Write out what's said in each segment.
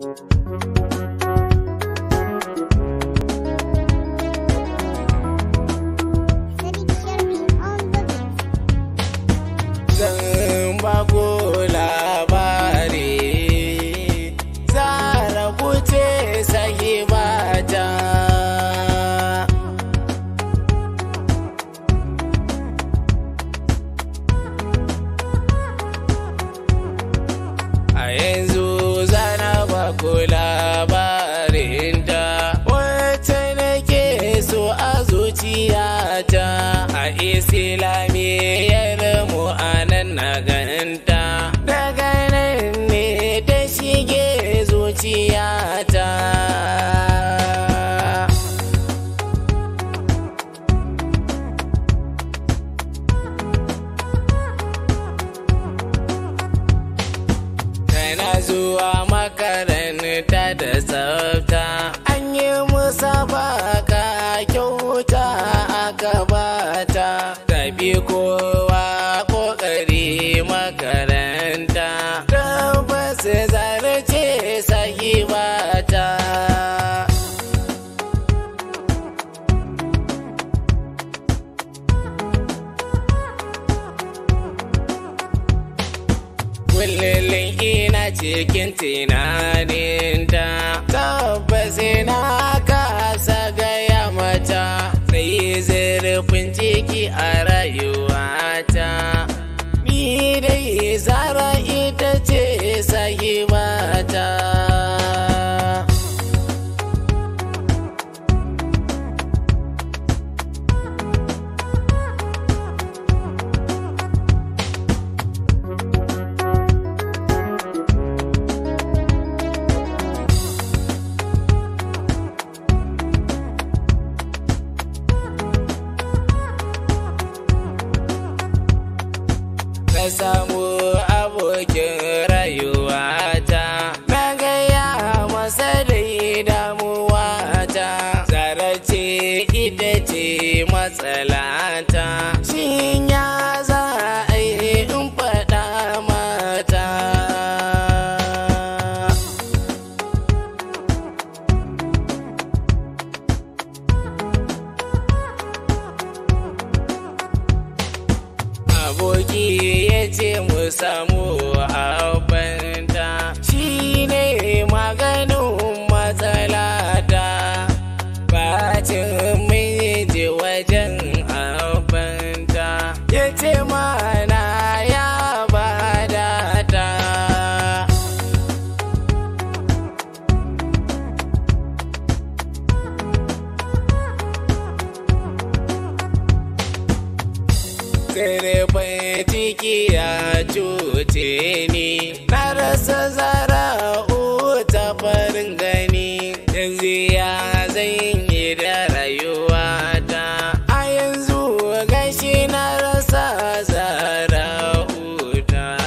Thank you. silamiyar mu anan na ganta daga nan ne ta shige zuciyata zuwa makaranta da tsafta kullum ina cikin tunaninta tabbas ka kasa gaya mata sai zurfin ciki a rayuwata ni dai zara samu abokin rayuwata na gaya masa dai damuwata tsara ce ita ce matsalata shin ya za a yi in mata aboki samu a Sirbai ciki ya cuce ni, na rasa zara'u ta farin gani, yanzu ya zan yi da rayuwa ta. A yanzu gashi na rasa zara'u ta.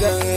Zan